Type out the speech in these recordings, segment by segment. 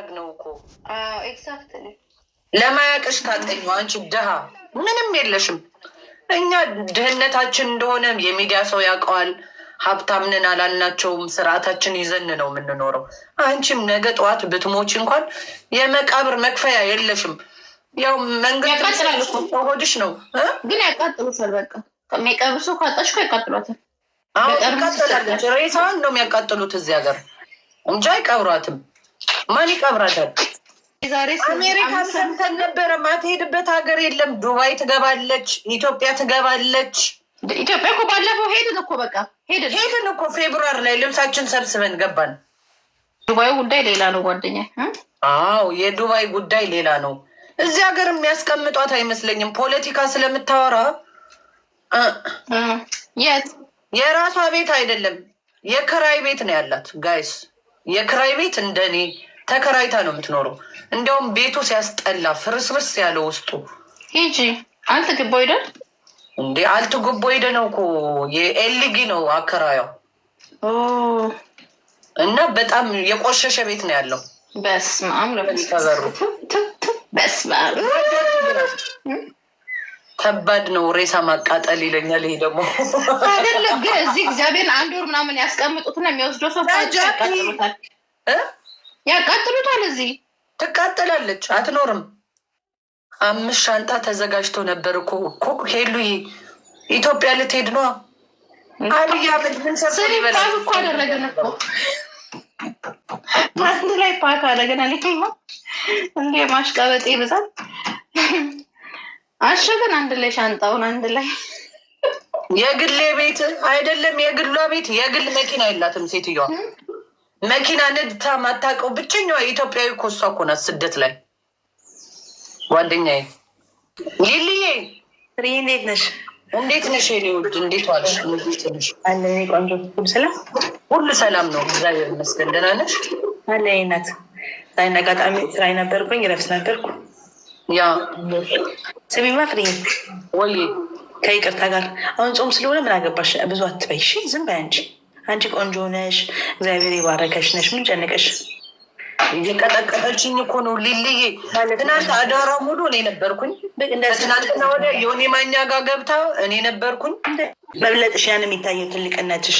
ማድረግ ነው እኮ ለማያቅሽ ካጠኙ አንቺ ድሀ ምንም የለሽም። እኛ ድህነታችን እንደሆነ የሚዲያ ሰው ያውቀዋል። ሀብታምንን አላልናቸውም። ስርዓታችን ይዘን ነው የምንኖረው። አንቺም ነገ ጠዋት ብትሞች እንኳን የመቃብር መክፈያ የለሽም። ያው መንግስት ሆድሽ ነው ግን ያቃጥሉሻል። በቃ የሚቀብር ሰው ካጣሽ እኮ ያቃጥሏታል። አሁን ይቃጠላለች። ሬሳዋን ነው የሚያቃጥሉት እዚህ ሀገር እንጂ አይቀብሯትም። ማን ይቀብራታል? አሜሪካ ሰምተን ነበረ። ማትሄድበት ሀገር የለም። ዱባይ ትገባለች፣ ኢትዮጵያ ትገባለች። ኢትዮጵያ እኮ ባለፈው ሄድን እኮ በቃ ሄድን ሄድን እኮ ፌብሩዋሪ ላይ ልብሳችን ሰብስበን ገባን። ዱባይ ጉዳይ ሌላ ነው ጓደኛ። አዎ የዱባይ ጉዳይ ሌላ ነው። እዚህ ሀገር የሚያስቀምጧት አይመስለኝም። ፖለቲካ ስለምታወራ የት የራሷ ቤት አይደለም የከራይ ቤት ነው ያላት ጋይስ የክራይ ቤት እንደኔ ተከራይታ ነው የምትኖረው። እንዲያውም ቤቱ ሲያስጠላ ፍርስርስ ያለ ውስጡ ሂጂ አልት ግቦይደ እንዴ አልት ግቦይደ ነው እኮ የኤልጊ ነው አከራያው እና በጣም የቆሸሸ ቤት ነው ያለው። በስመ አብ ለበሩ በስመ አብ ከባድ ነው ሬሳ ማቃጠል ይለኛል። ይሄ ደግሞ አይደለም ግን እዚህ እግዚአብሔር አንድ ወር ምናምን ያስቀምጡትና የሚወስደው ሰው ያቃጥሉታል፣ ያቃጥሉታል። እዚህ ትቃጠላለች፣ አትኖርም። አምስት ሻንጣ ተዘጋጅቶ ነበር እኮ እኮ ሄሉ ኢትዮጵያ ልትሄድ ነው። አብይ አህመድ ምን እኮ አደረግን እኮ አንድ ላይ ፓክ አደረገናል። እንዴ ማሽቀበጤ ብዛት አሸገን አንድ ላይ ሻንጣውን አንድ ላይ የግሌ ቤት አይደለም የግሏ ቤት የግል መኪና የላትም ሴትዮዋ መኪና ነድታ ማታውቀው ብቸኛዋ ኢትዮጵያዊ እኮ እሷ እኮ ናት ስደት ላይ ጓደኛዬ ሊልዬ እንዴት ነሽ እንዴት ነሽ የእኔ ውድ እንዴት ዋልሽ ቆንጆ ሰላም ሁሉ ሰላም ነው እግዚአብሔር ይመስገን ደህና ነሽ አለ ናት ዛይን አጋጣሚ ስራ ነበርኩኝ ረፍስ ነበርኩ ያ ስሚማ ፍሬ ወይ ከይቅርታ ጋር አሁን ጾም ስለሆነ ምን አገባሽ ብዙ አትበይ። እሺ ዝም በይ አንቺ አንቺ ቆንጆ ነሽ፣ እግዚአብሔር የባረከሽ ነሽ። ምን ጨነቀሽ? እየቀጠቀጠችኝ እኮ ነው ሊልዬ። ትናንት አዳራ ሙሉ እኔ ነበርኩኝ። ትናንትና ወደ የሆነ ማኛ ጋር ገብታ እኔ ነበርኩኝ። መብለጥሽ ያን የሚታየው ትልቅነትሽ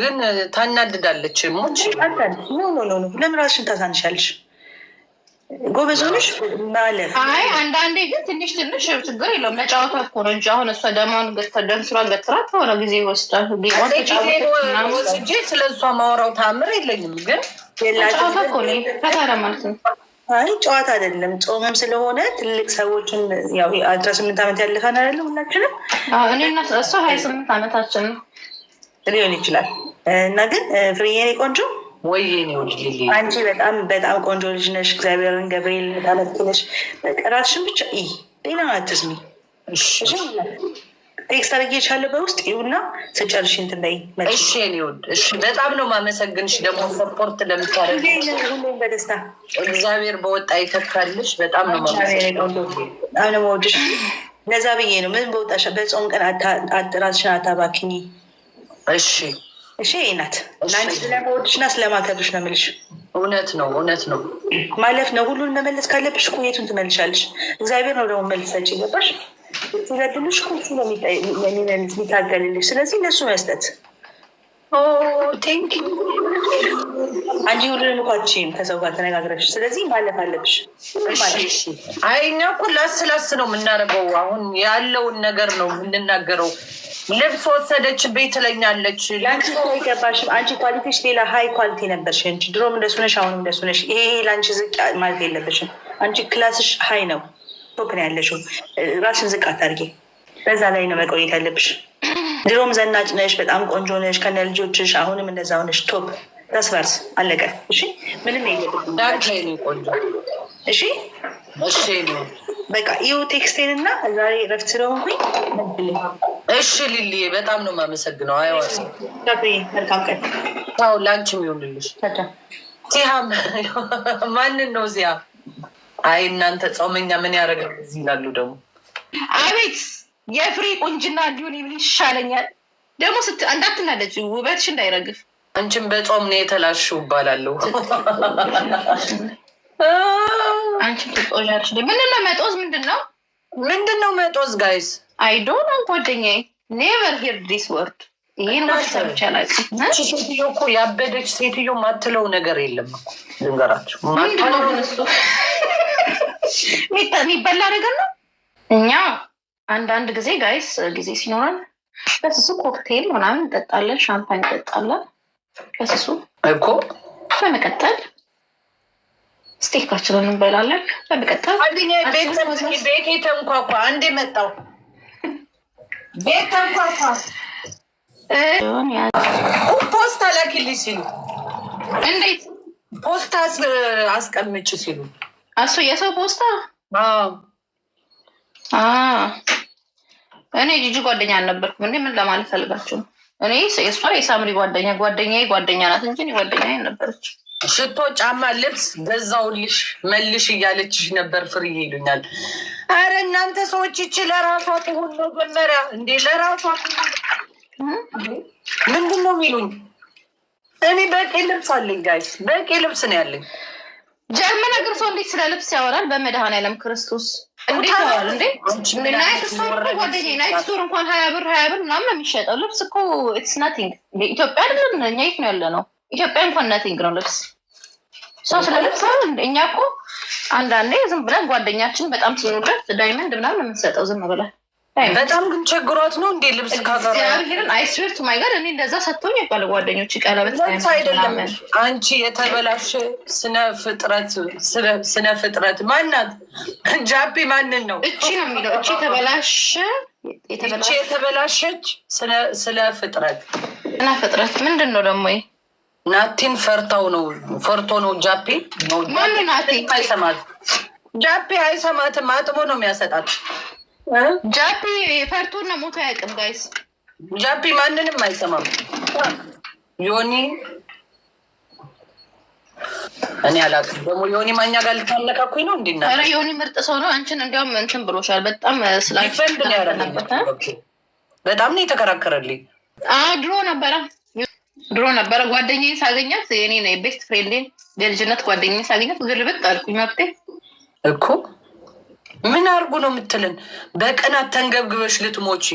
ግን ታናድዳለች። ሞች ለምን ራስሽን ታሳንሻለሽ? ጎበዝ ሆነሽ ማለፍ። አይ አንዳንዴ ግን ትንሽ ትንሽ ችግር የለውም መጫወቷ እኮ ነው እንጂ አሁን እሷ ደማን ስራ ገትራ ከሆነ ጊዜ ይወስዳል። ወስጄ ስለ እሷ ማውራው ታምር የለኝም፣ ግን ጨዋታ እኮ ነው ማለት ነው። አይ ጨዋታ አይደለም፣ ጾምም ስለሆነ ትልቅ ሰዎችን ያው አስራ ስምንት ዓመት ያለፈን አይደለ ሁላችንም። እኔና እሷ ሀያ ስምንት ዓመታችን ነው ሊሆን ይችላል እና ግን ፍሬዬ ቆንጆ ወይ አንቺ በጣም በጣም ቆንጆ ልጅ ነሽ። እግዚአብሔርን ገብርኤል ታመጥነሽ። ራስሽን ብቻ ይ ሌላ አትስሚ። ቴክስት አድርጌሻለሁ በውስጥ ይሁና ስጨርሽ እንትን በይ። እሺ የእኔ ውድ እሺ፣ በጣም ነው ማመሰግንሽ። ደግሞ ሰፖርት ለምታደርግ በደስታ እግዚአብሔር በወጣ ይተካልሽ። በጣም ነው ማመሰግንሽ። ነዛ ብዬ ነው ምን በወጣሻ በጾም ቀን ራስሽን አታባክኝ። እሺ እሺ ናት ስለመወድሽና ስለማከብርሽ ነው የምልሽ። እውነት ነው እውነት ነው ማለፍ ነው። ሁሉን መመለስ ካለብሽ እኮ የቱን ትመልሻለሽ? እግዚአብሔር ነው ደግሞ መልስ ሰጪ። ገባሽ? ትበድልሽ እኮ ነው የሚታገልልሽ። ስለዚህ እነሱ መስጠት ቴንኪ አንቺ ሁሉንም እኮ አትችይም ከሰው ጋር ተነጋግረሽ። ስለዚህ ማለፍ አለብሽ። አይ እኛ እኮ ላስ ላስ ነው የምናደርገው። አሁን ያለውን ነገር ነው የምንናገረው። ልብስ ወሰደች፣ ቤት ትለኛለች። ለአንቺ አይገባሽም። አንቺ ኳሊቲሽ ሌላ ሀይ ኳሊቲ ነበርሽ። አንቺ ድሮም እንደሱ ነሽ፣ አሁንም እንደሱ ይሄ ለአንቺ ዝቅ ማለት የለብሽም። አንቺ ክላስሽ ሀይ ነው፣ ቶፕን ያለሽው። ራስሽን ዝቅ አታርጊ። በዛ ላይ ነው መቆየት ያለብሽ። ድሮም ዘናጭ ነሽ፣ በጣም ቆንጆ ነሽ ከነ ልጆችሽ። አሁንም እንደዛ ሆነሽ ቶፕ እርስ በርስ አለቀ። እሺ ምንም እሺ እሺ በቃ ይኸው ቴክስቴን እና ዛሬ እረፍት ስለሆንኩኝ እሺ ሊሊ በጣም ነው የማመሰግነው። አይዋስ መልካም ቀን ው ላንቺም ይሁንልሽ። ዚያም ማንን ነው ዚያ? አይ እናንተ ጾመኛ ምን ያደርጋል እዚህ ይላሉ ደግሞ። አቤት የፍሬ ቁንጅና እንዲሆን ይሻለኛል ደግሞ እንዳትናለች ውበትሽ እንዳይረግፍ አንቺም በጾም ነው የተላሹ እባላለሁ። አንቺ ትቆያለሽ። ምንድን ነው መጦዝ? ምንድን ነው ምንድን ነው መጦዝ? ጋይስ አይ ዶንት ኖ ጓደኛዬ፣ ኔቨር ሂር ዲስ ወርድ። ይህን ሰምቼ ሴትዮ እኮ ያበደች ሴትዮ ማትለው ነገር የለም እኮ ልንገራቸው። የሚበላ ነገር ነው። እኛ አንዳንድ ጊዜ ጋይስ ጊዜ ሲኖረን በስሱ ኮክቴል ምናምን እንጠጣለን፣ ሻምፓኝ እንጠጣለን ከስሱ እኮ በመቀጠል ስቴካችንን እንበላለን። በመቀጠል ቤቴ ተንኳኳ። አንዴ መጣው ቤት ተንኳኳ። ፖስታ ላኪልኝ ሲሉ እንዴት ፖስታ አስቀምጭ ሲሉ እሱ የሰው ፖስታ እኔ ጅጅ ጓደኛ አልነበርኩም። እንዴ ምን ለማለት ፈልጋችሁ ነው? እኔ እሷ የሳምሪ ጓደኛ ጓደኛ ጓደኛ ናት እንጂ ጓደኛ ነበረች። ሽቶ፣ ጫማ፣ ልብስ ገዛውልሽ መልሽ እያለችሽ ነበር። ፍሪ ይሉኛል። አረ እናንተ ሰዎች ይቺ ለራሷ ትሁን ነው መመሪያ እንዴ! ለራሷ ምንድን ነው የሚሉኝ? እኔ በቂ ልብስ አለኝ ጋይስ፣ በቂ ልብስ ነው ያለኝ። ጀርመን እግር ሰው እንዴት ስለ ልብስ ያወራል? በመድኃኔዓለም ክርስቶስ እንኳን ሀያ ብር ሀያ ብር ምናምን ነው የሚሸጠው ልብስ እኮ ኢትስ ናቲንግ። ኢትዮጵያ አይደለም እኛ የት ነው ያለ ነው? ኢትዮጵያ እንኳን ናቲንግ ነው ልብስ ሰው ስለ ልብስ እኛ እኮ አንዳንዴ ዝም ብለን ጓደኛችን በጣም ስንወዳት ዳይመንድ ምናምን የምንሰጠው ዝም ብለን በጣም ግን ቸግሯት ነው እንዴ ልብስ ካዛሄርን አይስዌርት ማይጋድ እኔ እንደዛ ሰጥቶኝ ያውቃል። ጓደኞች ቀለበት አይደለም አንቺ የተበላሽ ስነ ፍጥረት ስነ ፍጥረት ማናት? ጃፔ ማንን ነው እቺ ነው የሚለው እቺ የተበላሸ እቺ የተበላሸች ስለ ፍጥረት ስነ ፍጥረት ምንድን ነው ደግሞ ናቲን ፈርታው ነው ፈርቶ ነው ጃፔ ነው ማን ናቲ አይሰማትም ጃፔ አይሰማትም አጥቦ ነው የሚያሰጣት ጃፒ ፈርቶና ሞቶ አያውቅም። ጋይስ ጃፒ ማንንም አይሰማም። ዮኒ እኔ አላውቅም። ደግሞ ዮኒ ማኛ ጋር ልታነካኩኝ ነው እንዲና ዮኒ ምርጥ ሰው ነው። አንቺን እንዲያውም እንትን ብሎሻል። በጣም ስላፈንድ በጣም ነው የተከራከረልኝ። ድሮ ነበረ ድሮ ነበረ ጓደኛ ሳገኛት የኔ ቤስት ፍሬንዴን የልጅነት ጓደኛ ሳገኛት ግልብጥ አልኩኝ መብቴ እኮ ምን አርጉ ነው የምትልን? በቅናት ተንገብግበሽ ልትሞቺ።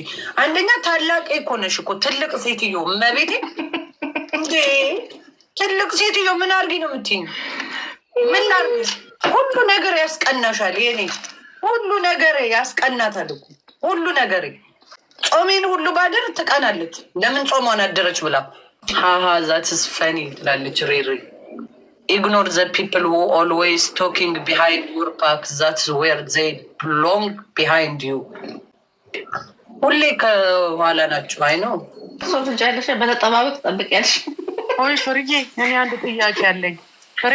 አንደኛ ታላቅ እኮ ነሽ እኮ ትልቅ ሴትዮ፣ መቤቴ ትልቅ ሴትዮ። ምን አርጊ ነው የምትይኝ? ምን ላድርግሽ? ሁሉ ነገር ያስቀናሻል። የኔ ሁሉ ነገር ያስቀናታል ሁሉ ነገር። ጾሜን ሁሉ ባደር ትቀናለች። ለምን ጾሟን አደረች ብላ ሀሀ ዛትስ ፈኒ ትላለች ሬሬ ኢግኖር ዘ ፒፕል ሁ ኦልዌይስ ቶኪንግ ቢሃይንድ ዩር ባክ ዛትስ ዌር ዘይ ብሎንግ ቢሃይንድ ዩ። ሁሌ ከኋላ ናቸው። አይ ነው ሶቱን በተጠባበቅ ትጠብቂያለሽ። ወይ ፍርዬ፣ እኔ አንድ ጥያቄ አለኝ ፍሬ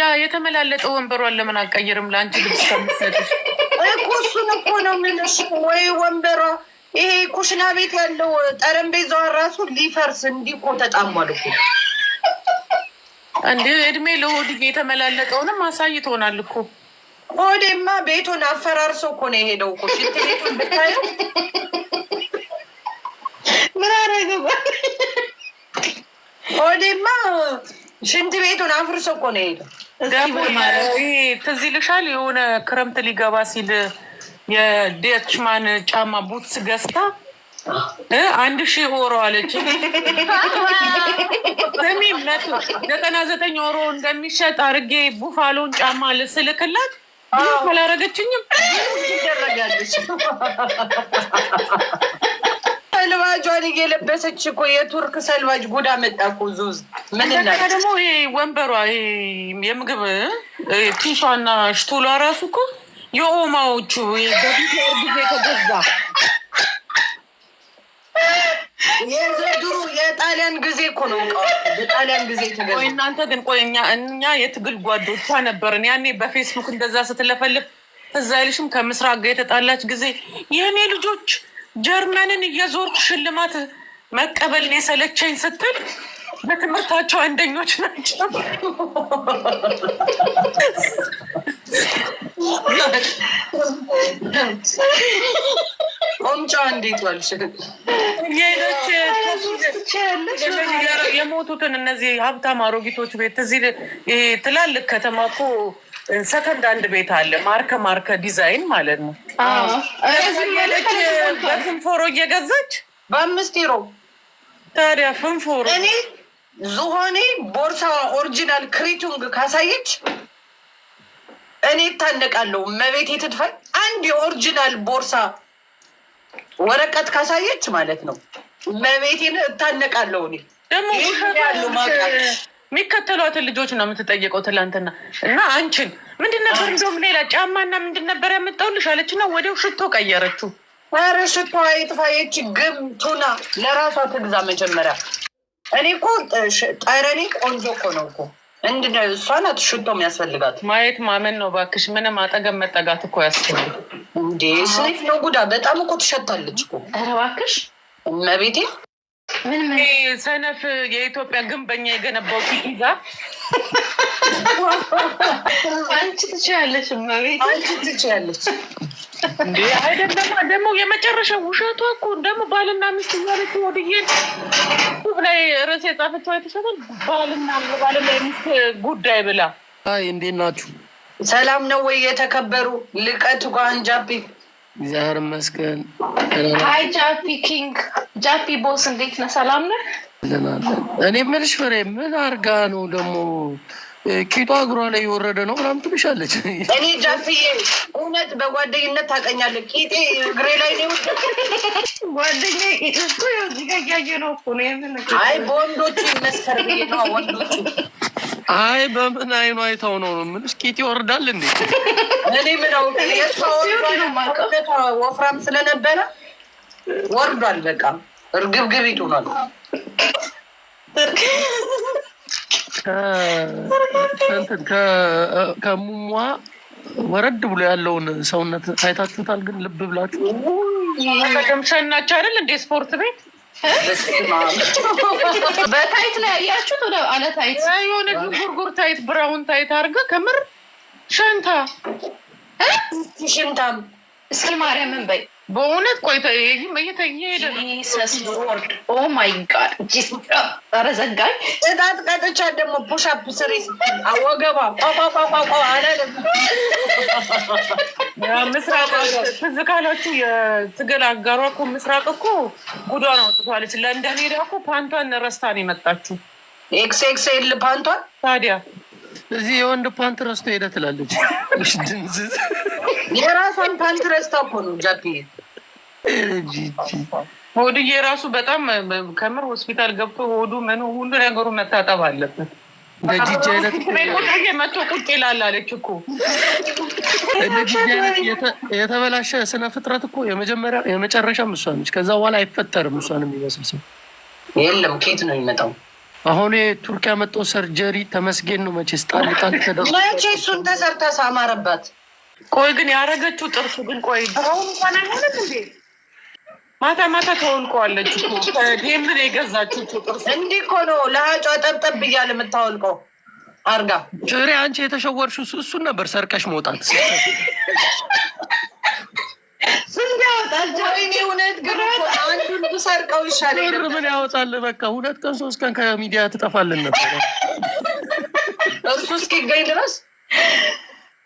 ያ የተመላለጠ ወንበሯን ለምን አቀይርም? ለአንቺ ልብስ ከምትሰጥሽ እኮ እሱን እኮ ነው የምልሽ። ወይ ወንበሯ ይሄ ኩሽና ቤት ያለው ጠረጴዛዋ ራሱ ሊፈርስ እንዲህ እኮ ተጣሟል እኮ እንደ እድሜ ለሆድ የተመላለቀውንም አሳይ ትሆናል እኮ ሆዴማ ቤቱን አፈራርሶ እኮ ነው የሄደው እኮ ሽንት ቤቱን ብታዩ ምን አደረገው ሆዴማ ሽንት ቤቱን አፍርሶ እኮ ነው የሄደው ትዝ ይልሻል የሆነ ክረምት ሊገባ ሲል የዴችማን ጫማ ቡትስ ገዝታ አንድ ሺህ ኦሮ አለች። ስሚ ዘጠና ዘጠኝ ኦሮ እንደሚሸጥ አርጌ ቡፋሎን ጫማ ልስልክላት አላረገችኝም። ይደረጋለች ሰልባጇን እየለበሰች እኮ የቱርክ ሰልባጅ ጉዳ መጣ እኮ ዙዝ ምንና ደግሞ ይሄ ወንበሯ የምግብ ቲሿና ሽቶሏ ራሱ እኮ የኦማዎቹ በፊት ጊዜ ተገዛ የዘድሩ የጣሊያን ጊዜ እኮ ነው። የጣሊያን ጊዜ ወይ እናንተ ግን ቆይ፣ እኛ የትግል ጓዶቿ ነበርን ያኔ። በፌስቡክ እንደዛ ስትለፈልፍ ትዝ አይልሽም? ከምስራቅ ጋር የተጣላች ጊዜ የእኔ ልጆች ጀርመንን እየዞርኩ ሽልማት መቀበልን የሰለቸኝ ስትል በትምህርታቸው አንደኞች ናቸው። ቆምጫ እንዴት ዋልሽ? የሞቱትን እነዚህ ሀብታም አሮጊቶች ቤት እዚህ ትላልቅ ከተማ እኮ ሰከንድ አንድ ቤት አለ። ማርከ ማርከ ዲዛይን ማለት ነው። በፍንፎሮ እየገዛች በአምስት ሮ ታዲያ ፍንፎሮ እኔ ዝሆኔ ቦርሳዋ ኦሪጂናል ክሪቱንግ ካሳየች እኔ እታነቃለሁ። መቤት የትድፈል አንድ የኦሪጂናል ቦርሳ ወረቀት ካሳየች ማለት ነው መቤቴን እታነቃለሁ። እኔ ደግሞ የሚከተሏትን ልጆች ነው የምትጠየቀው። ትላንትና እና አንቺን ምንድን ነበር እንደውም ሌላ ጫማና ምንድን ነበር ያመጣሁልሽ አለች እና ወዲያው ሽቶ ቀየረችው። ኧረ ሽቶ አይጥፋየች ግም ቱና ለራሷ ትግዛ መጀመሪያ። እኔ እኮ ጠረኔ ቆንጆ እኮ ነው እኮ እንግዲህ እሷ ናት ሽቶ የሚያስፈልጋት። ማየት ማመን ነው ባክሽ። ምንም አጠገብ መጠጋት እኮ ያስፈልግ እንዴ! ስሊፍ ነው ጉዳ። በጣም እኮ ትሸታለች እኮ። ኧረ እመቤቴ። መቤቴ፣ ሰነፍ የኢትዮጵያ ግንበኛ የገነባው ፊት ይዛ አንቺ ትችያለሽ፣ አንቺ ትችያለሽ። አይደለማ ደግሞ የመጨረሻ ውሸቷ እኮ ደግሞ ባልና ሚስት እያለች ወድዬን ቱብ ላይ ርዕስ የጻፈችው አይተሻታል? ባልና ባልና ሚስት ጉዳይ ብላ። አይ እንዴት ናችሁ? ሰላም ነው ወይ? የተከበሩ ልቀቱ ጋን ጃፒ፣ እግዚአብሔር ይመስገን። አይ ጃፒ ኪንግ ጃፒ ቦስ፣ እንዴት ነህ? ሰላም ነህ? እኔ የምልሽ ፍሬ ምን አርጋ ነው ደግሞ ቂጧ እግሯ ላይ የወረደ ነው ምናምን ትልሻለች። እኔ ጃፍዬ እውነት በጓደኝነት ታቀኛለ ቂጤ እግሬ ላይ ነው ጓደኛ እኮ ያየ ነው እኮ ነው። አይ በወንዶች መስከር ነው ወንዶች። አይ በምን አይኑ አይተው ነው ነው የምልሽ። ቂጤ ይወርዳል እንዴ? እኔ ምን አውቅ የእሷ ወፍራም ስለነበረ ወርዷል በቃ እርግብግቢት ከሙሟ ወረድ ብሎ ያለውን ሰውነት አይታችሁታል? ግን ልብ ብላችሁ ሰናችሁ አይደል እንደ ስፖርት ቤት በታይት ነው ያያችሁት። ወደ አለ ታይት የሆነ ጉርጉር ታይት ብራውን ታይት አርገ ከምር ሸንታ ሽንታም እስኪ ማርያምን በይ በእውነት ቆይተ እየሄደ ኦ ማይ ጋድ ኧረ ዘጋኝ። እጣት ቀጥቻ ደግሞ ፑሻፕ ስሪ አወገባ ቋቋቋቋቋ አላለም። ምስራቅ ትዝ ካላችሁ የትግል አጋሯ እኮ ምስራቅ እኮ ጉዷን አውጥቷለች። ለንደን ሄዳ እኮ ፓንቷን ረስታ ነው የመጣችሁ። ኤክስ ኤክስ ኤል ፓንቷን ታዲያ እዚህ የወንድ ፓንት ረስቶ ሄደ ትላለች። የራሷን ፓንት ረስታ እኮ ነው ጃፒ ሆድዬ ራሱ በጣም ከምር ሆስፒታል ገብቶ ሆዱ ምን ሁሉ ነገሩ መታጠብ አለበት። እንደጂጂ መቶ ቁጭ ይላል አለች እኮ። የተበላሸ ስነ ፍጥረት እኮ የመጀመሪያ የመጨረሻም እሷ ነች። ከዛ በኋላ አይፈጠርም። እሷን የሚመስል ሰው የለም። ኬት ነው የሚመጣው? አሁን ቱርክ ያመጣው ሰርጀሪ ተመስገን ነው። መቼ ስጣልጣል ጣል ተደርጎ መቼ እሱን ተሰርታ ሳማረባት። ቆይ ግን ያረገችው ጥርሱ ግን ቆይ አሁን እንኳን አይሆንም እንዴ ማታ ማታ ተወልቀዋለች ምን የገዛችው ጥርስ እንዲህ እኮ ነው። ለሀጯ ጠብጠብ እያለ የምታወልቀው አርጋ ጭሬ። አንቺ የተሸወርሽው እሱን ነበር ሰርቀሽ መውጣት ምን ያወጣል? በቃ ሁለት ቀን ሶስት ቀን ከሚዲያ ትጠፋልን ነበር እሱ እስኪገኝ ድረስ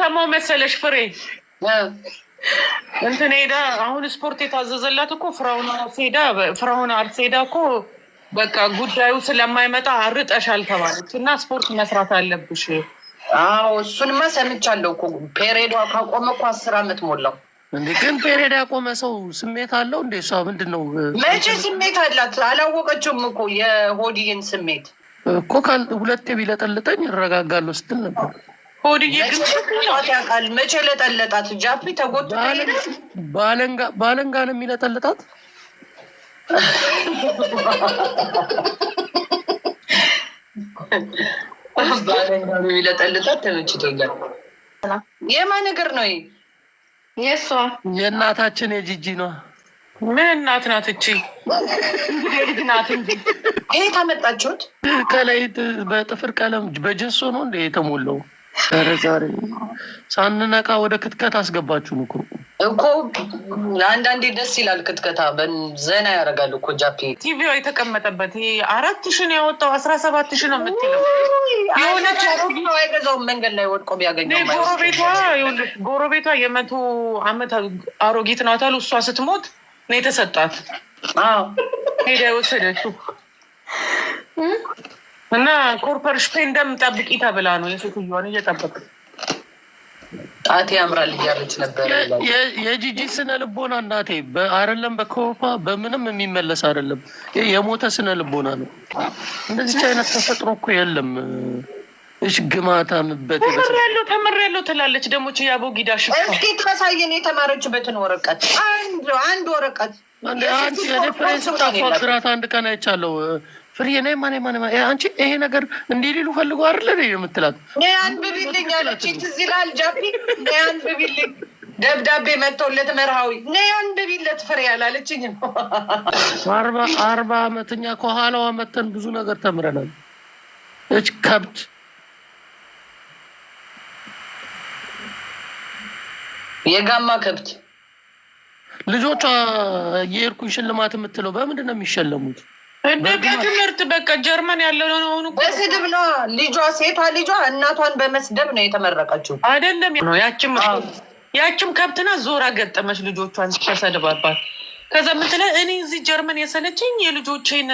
ሰማው መሰለሽ ፍሬ እንትን ሄዳ አሁን ስፖርት የታዘዘላት እኮ ፍራውን አርስ አርሴዳ እኮ በቃ ጉዳዩ ስለማይመጣ አርጠሻል ተባለች እና ስፖርት መስራት አለብሽ። አዎ እሱንማ ሰምቻለሁ እኮ ፔሬዷ ካቆመ እኮ አስር አመት ሞላው። እንዴ ግን ፔሬድ ያቆመ ሰው ስሜት አለው እንዴ? እሷ ምንድን ነው መቼ ስሜት አላት? አላወቀችውም እኮ የሆዲን ስሜት እኮ ሁለቴ ቢለጠልጠኝ ይረጋጋለሁ ስትል ነበር። ያውቃል መቼ ለጠለጣት ጃፒ ተጎትቶ በአለንጋ ነው የሚለጠልጣት። በአለንጋ ነው የሚለጠልጣት። ተመችቶኛል። የማን ነገር ነው? የእሷ የእናታችን የጂጂ ነው። ምን እናት ናት እቺ? ልጅ ናት እንጂ ይሄ ታመጣችሁት ከላይ በጥፍር ቀለም በጀሶ ነው እንደ የተሞላው ሳንነቃ ወደ ክትከት አስገባችሁ እኮ እኮ አንዳንዴ ደስ ይላል። ክትከታ ዘና ያደርጋል እኮ ጃፒ ቲቪ የተቀመጠበት ይሄ አራት ሺህ ነው ያወጣው። አስራ ሰባት ሺህ ነው የምትለው የሆነች አይገዛውም። መንገድ ላይ ወድቆ ቢያገኘው ጎረቤቷ ጎረቤቷ የመቶ አመት አሮጊት ናት አሉ። እሷ ስትሞት ነው የተሰጣት ሄዳ የወሰደችው እና ኮርፐርሽ እንደምጠብቂ ተብላ ነው የሴትዮዋን እየጠበቅ ጣቴ ያምራል እያለች ነበር። የጂጂ ስነ ልቦና እናቴ አይደለም፣ በኮፓ በምንም የሚመለስ አይደለም። የሞተ ስነ ልቦና ነው። እንደዚች አይነት ተፈጥሮ እኮ የለም። እሽ ግማታ ምበት ያለው ተመር ያለው ትላለች። ደግሞ ያቦ ጊዳ ሽ እስኪ ታሳየን የተማረችበትን ወረቀት አንድ ወረቀት ፕሬንስ ግራት አንድ ቀን አይቻለው ፍሬ ነ ማ ማ አንቺ ይሄ ነገር እንዲህ ሊሉ ፈልጎ አይደለ የምትላት አንብቢልኝ አለች። ትዝ ይልሃል ጃፒ አንብቢልኝ ደብዳቤ መጥቶለት መርሃዊ ነ አንብቢለት ፍሬ ያላለችኝ አርባ አመት እኛ ከኋላዋ መተን ብዙ ነገር ተምረናል። እች ከብት የጋማ ከብት ልጆቿ የሄድኩኝ ሽልማት የምትለው በምንድን ነው የሚሸለሙት? እንደጋ ትምህርት በቃ ጀርመን ያለ ሆኑ በስድብ ነው። ልጇ ሴቷ ልጇ እናቷን በመስደብ ነው የተመረቀችው። አይደለም ነው ያችም ያችም ከብትና ዞራ ገጠመች ልጆቿን ተሰድባባት። ከዛ ምትለ እኔ እዚህ ጀርመን የሰለችኝ የልጆቼን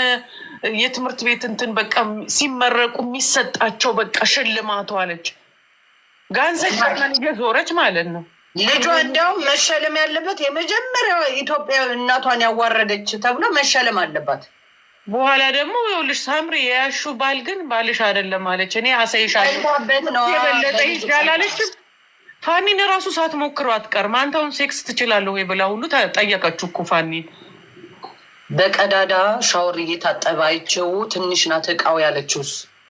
የትምህርት ቤት እንትን በቃ ሲመረቁ የሚሰጣቸው በቃ ሽልማቱ አለች። ጋንዘ ጀርመን እየዞረች ማለት ነው። ልጇ እንዲያውም መሸለም ያለበት የመጀመሪያ ኢትዮጵያ እናቷን ያዋረደች ተብሎ መሸለም አለባት። በኋላ ደግሞ ይኸውልሽ ሳምሪ የያሹ ባል ግን ባልሽ አይደለም አለች። እኔ አሳይሻለሁ የበለጠ ይሻል አለችም። ፋኒን ራሱ ሳትሞክረው አትቀርም። አንተውን ሴክስ ትችላለሁ ወይ ብላ ሁሉ ጠየቀችው እኮ ፋኒን። በቀዳዳ ሻወር እየታጠበ አይቼው ትንሽ ናት እቃው ያለችውስ